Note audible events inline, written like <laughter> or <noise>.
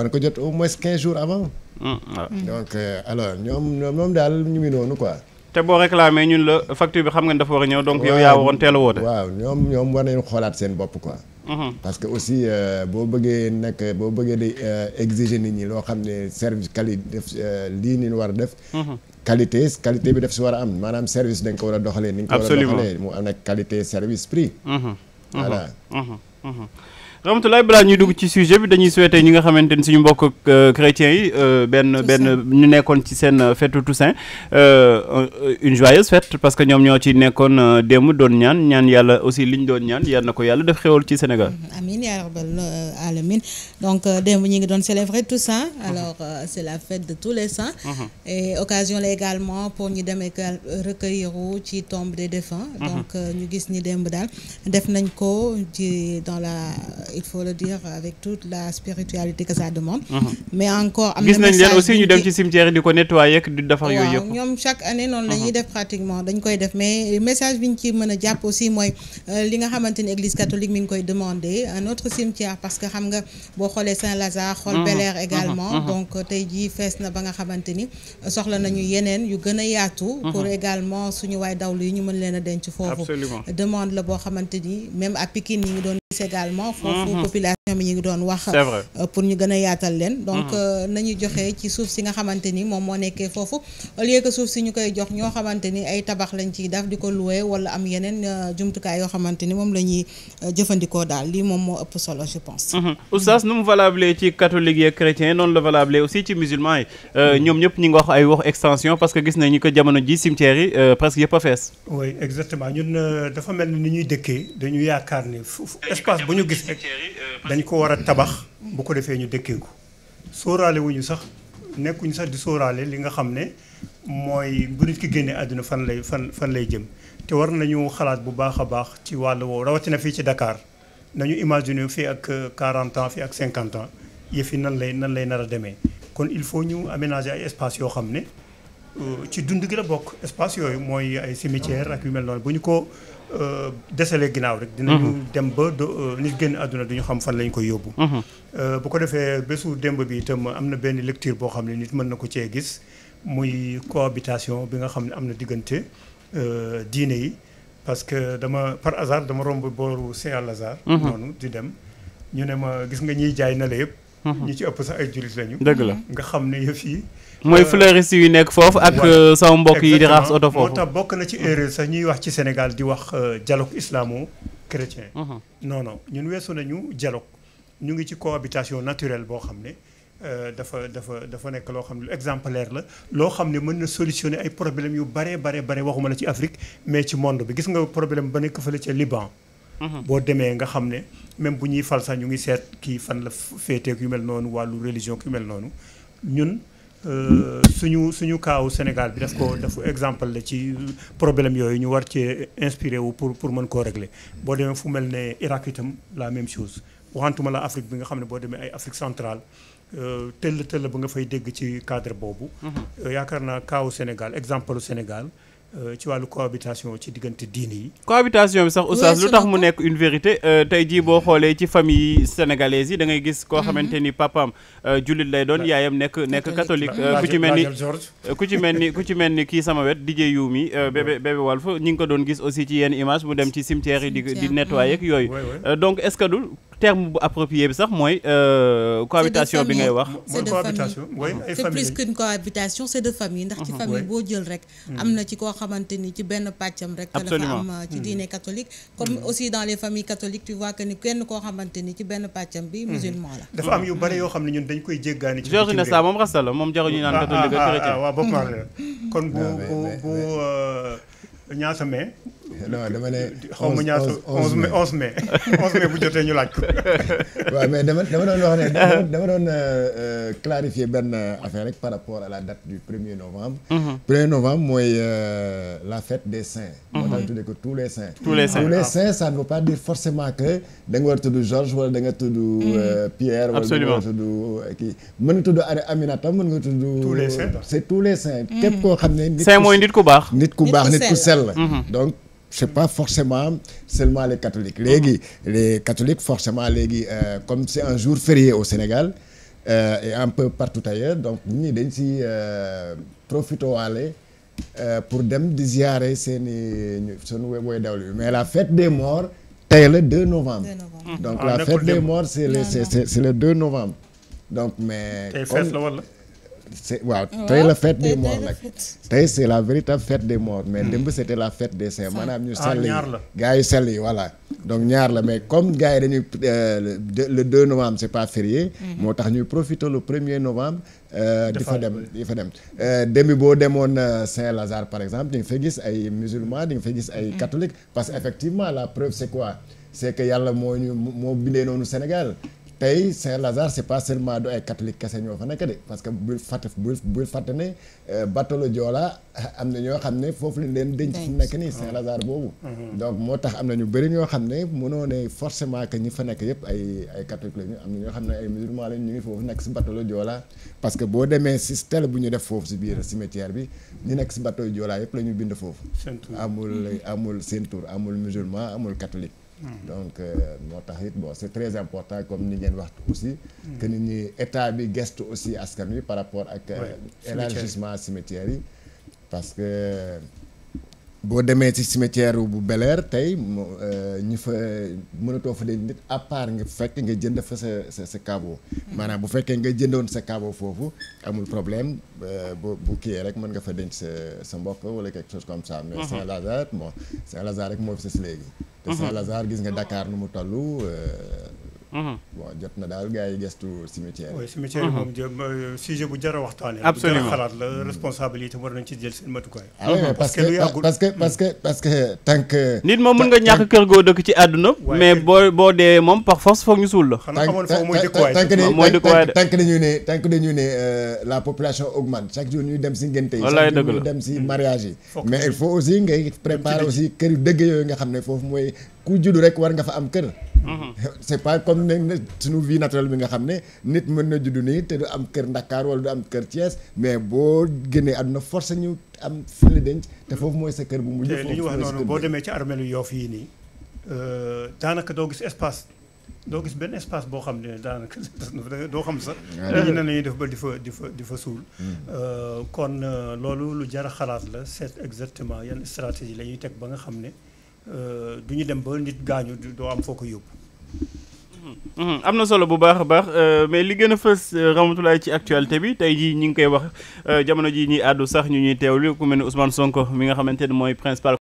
war na ko jot au moins quinze jours avant. Mm, mm. donc euh, alors ñoom ñoom daal ñu ngi ñun la facture xam nga dafa war a ñëw donc yow yaa waaw ñoom ñoom war nañu xoolaat seen bopp quoi. Mm-hmm. parce que aussi euh, boo bëggee nekk boo bëggee di euh, exiger nit ñi loo xam ne service qualité def lii ni war a def. Mm-hmm. qualité qualité bi def si war a am maanaam service dañ ko war a doxalee. ni ñu ko war a doxalee mu am nag qualité service prix. Mm-hmm. voilà. Ramatoulaye balaa ñuy dugg ci sujet bi dañuy souhaiter ñi nga xamante ni suñu mbokk euh, chrétiens yi euh, benn benn ñu nekkoon ci seen euh, fête Toussaint une joyeuse fête parce que ñoom ñoo ci nekkoon démb doon ñaan ñaan yàlla aussi liñ doon ñaan yal ko yàlla def xéwal ci Sénégal. Mm-hmm. amiin yaa rabbal aalamiin donc démb ñi ngi doon célébrer Toussaint. Mm-hmm. alors c'est la fête de tous les saints. Mm-hmm. et occasion la également pour ñu dem recueillir ci tombe de défunts. donc ñu gis ni démb daal def na ko ci dans la. il faut le dire avec toute la spiritualité que ça demande. Mhm. mais encore am na. gis nañ ñu dem ci cimetière yi di ko nettoyer ak di defar yooyu yëpp. waaw ñoom chaque année noonu mhm. def pratiquement dañ koy def mais message bi ñu ci mën a jàpp aussi mooy euh, li nga xamante ni catholique mi ngi koy demander un autre cimetière parce que xam nga boo xoolee Saint-Lazare. xool mhm. Bel également. donc euh, tey jii fees na ba nga xamante euh, soxla nañu yeneen yu gën a yaatu. a également foofu mhm. population bi ñu doon wax euh, pour ñu gën a yaatal leen donc mhm. euh, nañu joxe ci suuf si nga xamante ni moom moo nekkee foofu au lieu que suuf si ñu koy jox ñoo xamante ni ay tabax lañ ci daf di ko loué wala am yeneen euh, jumtukaay yoo xamante ni moom la ñuy jëfandikoo daal lii moom moo ëpp solo je pense mhm. oustaz nu mu valable ci catholique yeeg chrétien noonu la valable aussi ci musulman yi ñoom ñëpp ñi ngi wax ay wax extension parce que gis nañu ko jamono ji cimetière yi presque yëpp a espace bu ñu gis rek dañu ko war a tabax bu ko defee ñu dëkkee ko sóoraale wuñu sax nekkuñu sax di sooraale li nga xam ne mooy bu nit ki génnee àdduna fan lay fan fan lay jëm te war nañu xalaat bu baax a baax ci wàll woowu rawatina fii ci dakaar nañu imaginer fii ak 40 ans fii ak cinquante an yëf yi nan lay nan lay nar a demee kon il faut ñu aménager ay espace yoo xam ne euh, ci dund gi la bokk espace yooyu mooy ay cimetière ak yu mel noonu bu ñu ko Euh, desalee ginnaaw rek. Mhm. dinañu dem ba do euh, nit génn àdduna duñu xam fan lañ koy yóbbu. Mhm. Euh, bu ko defee bésu démb bi itam am na benn lecture boo xam ne nit mën na ko cee gis muy cohabitation bi nga xam ne am na diggante diine yi parce que dama par hasard dama romb booru Saint-Lazare. Mhm. noonu di dem ñu ne ma gis nga ñuy jaay na la yëpp. Mhm. ñi ci ëpp sax ay jullit lañu. dëgg la nga xam ne yëf yi. mooy euh, fleuriste yu nekk foofu ak euh, sama mbokk yi di raxas oto foofu. moo tax bokk na ci mhm. erreur sax ñuy wax ci Sénégal di wax euh, dialogue islamo-chrétien. Mhm. non non ñun weesu nañu dialogue ñu ngi ci cohabitation naturelle boo xam ne dafa dafa dafa nekk loo xam ne lu exemplaire la. loo xam ne mën na solutionner ay problème yu bare bare bare waxuma la ci Afrique mais ci monde bi gis nga problème ba nekk fële ca Liban. Mhm. boo demee nga xam ne même bu ñuy fal sax ñu ngi seet kii fan la féeteek yu mel noonu wàllu religion ki yu mel noonu ñun euh, suñu suñu kaaw Sénégal bi daf ko dafa exemple la ci problème yooyu ñu war cee inspiré wu pour pour mën koo régler boo demee fu mel ne Irak itam la même chose waxantuma la Afrique bi nga xam ne boo demee ay Afrique centrale euh, tëll tëll ba nga fay dégg ci cadre boobu mhm. euh, yaakaar naa kaaw Sénégal exemple Sénégal Euh, ci wàllu cohabitation ci diggante diine yi. cohabitation bi sax oustaz lu tax mu nekk une vérité euh, tey jii boo xoolee ci famille sénégalaise yi da ngay gis koo mhm. xamante ni papaam euh, jullit lay doon yaayam nekk nekk catholique. ku ci mel ni ku ci mel ni ku ci mel ni kii sama wet DJ Youmi bébé bébé Walf ñu ngi ko doon gis aussi ci yenn image mu dem ci cimetière yi di di nettoyer ak mhm. yooyu donc est-ce que terme bu approprié bi sax mooy. Euh, cohabitation bi ngay wax. mooy de mooy ay famille c'est plus qu'une cohabitation c'est de famille ndax ci famille boo jël rek. Mmh. am na ci koo xamante ni ci benn pàccam rek. te dafa am euh, ci mmh. diine catholique. comme mmh. aussi dans les familles catholiques tu que ni kenn koo xamante ni ci benn pàccam bi musulman la. dafa am yu bare yoo xam ne ñun dañ koy jéggaani. ci bitim réew moom rasta la moom ñu naan ah, catholique ak ah, ah, chrétien. waaw waaw waaw kon bu bu bu ñaasame. non dama ne. xaw ma ñaata onze mai onze mai onze mai bu jotee ñu laaj ko. <laughs> waaw mais dama dama doon wax ne dama doon euh, clarifier benn euh, affaire rek par rapport à la date du premier novembre. Mhm. premier novembre mooy euh, la fête des saints. Mhm. moo tax ñu tuddee ko tous les saints. tous les saints tous les saints ça forcément que da war a tudd Georges wala da nga tudd. Mhm. Pierre wala da nga kii. mën nga tudd Aminata mën nga tudd. tous les saints les saints. képp koo xam ne. nit ku nit ku baax. nit ku baax nit ku sell donc. c'est pas forcément seulement les catholiques léegi les catholiques forcément léegi euh, comme c'est un jour férié au Sénégal euh, et un peu partout ailleurs donc nit dañ si euh, profité waale pour dem di ziare seen i seen woy dawlu bi mais la fête des morts tey la 2 donc ah, la fête des morts c'est le c'est le 2 donc mais tey c'est waaw tey la fête des morts nag tey c'est la véritable fête des morts mais hmm. démb c'était la fête des saints ah, maanaam ñu ah, sell yi gars yu sell yi voilà donc ñaar la mais comme gars yi dañuy euh, le 2 novembre c'est pas férié hmm. moo tax ñuy profiter le premier er novembre euh, di fa dem di fa dem demi boo demoon euh, Saint-Lazare par exemple di nga fa gis ay musulmans di nga fa gis ay hmm. catholiques parce que effectivement la preuve c'est quoi c'est que yàlla moo ñu moo bindee noonu Sénégal tey Saint-Lazare c'est pas seulement du ay catholique kese ñoo fa nekk de parce que bul fàtte bul bul fàtte ne euh, bateau Joola am na ñoo xam ne foofu lañ leen denc fu nekk nii Saint-Lazare boobu mhm. donc moo tax am na ñu bëri ñoo xam ne mënoo ne forcément que ñi fa nekk yëpp ay ay catholique lañu am na ñoo xam ne ay musulman lañ ñu ngi foofu nekk si bateau Joola parce boo demee si stèle bu ñu def foofu si biir cimetière bi ñu nekk si bateau Joola yëpp la ñu bind foofu amul amul seen tur amul musulman amul catholique donc euh, moo tax it boo c'est très important comme ni ngeen waxtu aussi que ni ñi état bi gestu aussi askan wi par rapport ak euh, élargissement cimetières yi parce que boo demee ci cimetière bu Bel-Air tey euh, ñi fa mënatoo fa leen nit à part nga fekk nga jënd fa sa sa cabo caveau mm. maanaam bu fekkee nga jëndoon sa cabo foofu amul problème bu bu kii rek mën nga fa denc sa sa mbokk wala quelque chose comme ça mais mm-hmm. Saint-Lazare bon saint rek moo fi si léegi te Saint-Lazare mhm. gis nga Dakar nu mu toll euh, Mm-hmm. bon jot na daal gars yi gestu cimetière yi. cimetière yi moom jë euh, sujet a waxtaanee. absolument a nañ ci jël seen matukaay. Ah mm-hmm. parce que parce que parce que parce que tant que. nit moom mën nga ñàkk kër goo dëkk ci àdduna. mais boo boo dee moom par force foog ñu suul la. xanaa xamoon foofu mooy dëkkuwaay mooy dëkkuwaay de tant que dañu ne tant que dañu ne euh, la population augmente chaque jour ñu dem si ngénte yi. wallaay dëgg chaque jour ñuy dem si mm-hmm. mariage yi. mais il faut aussi ngay préparer aussi kër yu dëgg yooyu nga xam ne foofu mooy bu juddu rek war nga fa am kër. Mhm. c'est pas comme ne suñu vie naturelle bi nga xam ne nit mën na juddu nii te du am kër Ndakaar wala du am kër Thiès mais boo génnee àdduna force ñu am fi denc. te foofu mooy sa kër bu mujj. foofu dañuy wax noonu boo demee ci armelu Yoff yi nii. Euh, daanaka doo gis espace. doo gis benn espace boo xam ne daanaka <laughs> doo xam sax. dañu ne nañu def ba di fa di fa di fa suul. Mm. Euh, kon euh, loolu lu jar a xalaat la c'est exactement yan stratégie la ñuy teg ba nga xam ne. Euh, du ñu dem ba nit gaañu doo am foo ko yóbbu. Mm-hmm. Mm-hmm. am na solo bu baax a baax euh, mais li gën a fës euh, Ramatoulaye ci actualité bi tey jii ñu ngi koy wax jamono jii ñuy àddu sax ñu ñuy teewlu ku mel ne Ousmane Sonko mi nga xamante ne mooy principal.